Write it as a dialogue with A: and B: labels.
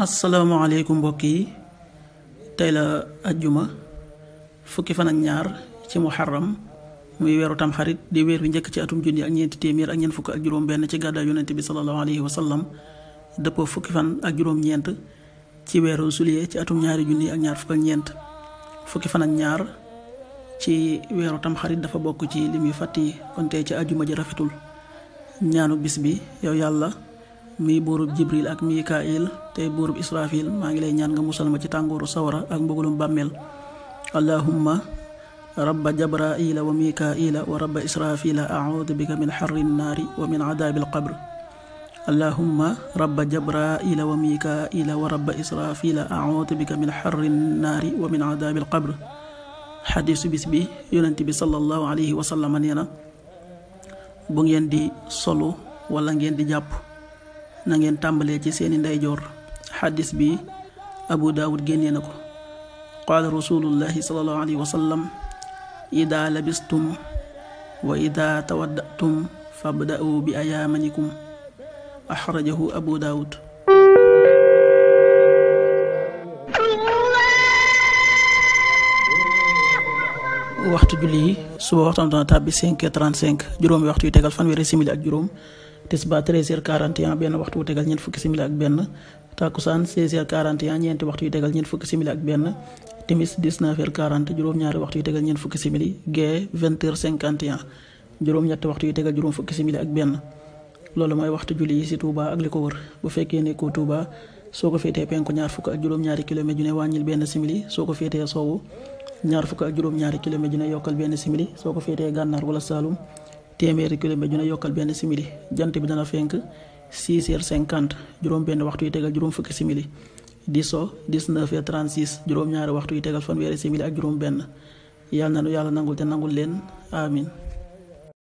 A: asalaamaaleykum mbokk yi tey la ajjuma fukki fan ak ñaar ci muharram muy weeru tam xarit di weer bi njëkk ci atum junni ak ñeenti téeméer ak ñeent fukk ak juróom benn ci gàddaay yonente bi sallallahu alayhi wa sallam dëppoo fukki fan ak juróom-ñeent ci weeru juillet ci atum ñaari junni ak ñaar fukk ñeent fukki fan ak ñaar ci weeru tamxarit dafa bokk ci li muy fàtt yi kon tey ci ajjuma ji rafetul ñaanu bis bi yow yàlla mii buurub jibril ak mikail tey buurub israfil maa ngi lay ñaan nga musal ma ci tàngooru sawara ak mbugulum bàmmeel allahumma rabba jabraila wa mikaila wa rabba israfila audu bika min xarri nnaari wa min adaabi alqabr allahumma rabba jabraila wa mikaila wa rabba israfila audu bika min xarri nnaari wa min adaabi alqabr xadiisu bis bi yonent bi sallallahu alayhi wa sallam nee na bu ngeen di solu wala ngeen di jàpp na ngeen tàmbalee ci seeni ndayjoor xaddis bi abu daawud génnee na ko qaala rasulullahi salallahu alayhi bi ayaamanikum axrajahu abu waxtu yi suba waxtaan dana tàbbi ak juróom tisba 13h41 benn waxtu wu tegal ñeent fukki simili ak benn takusaan 16 h ñeenti waxtu yu tegal ñeent fukki simili ak benn timis 19h40 juróom-ñaari waxtu yu tegal ñeent fukki simili gee ñetti waxtu yu tegal juróom fukki simili ak benn loolu mooy waxtu julli yi ci Touba ak li ko wër bu fekkee ne ko Touba soo ko féetee penku ñaar fukk ak juróom-ñaari kilomètre ju ne wàññil benn simili soo ko féetee soowu ñaar fukk ak juróom-ñaari kilomètre ju ne yokkal benn simili soo ko féetee gànnaar wala Saalum téeméeri kilomètre dina yokkal benn simili jant bi dana fenk 6 heures 50 juróom-benn waxtu yi tegal juróom fukki simili di so 19 heures 36 juróom-ñaari waxtu yi tegal fanweeri simili ak juróom-benn yàlla na nu yàlla nangul te nangul leen amin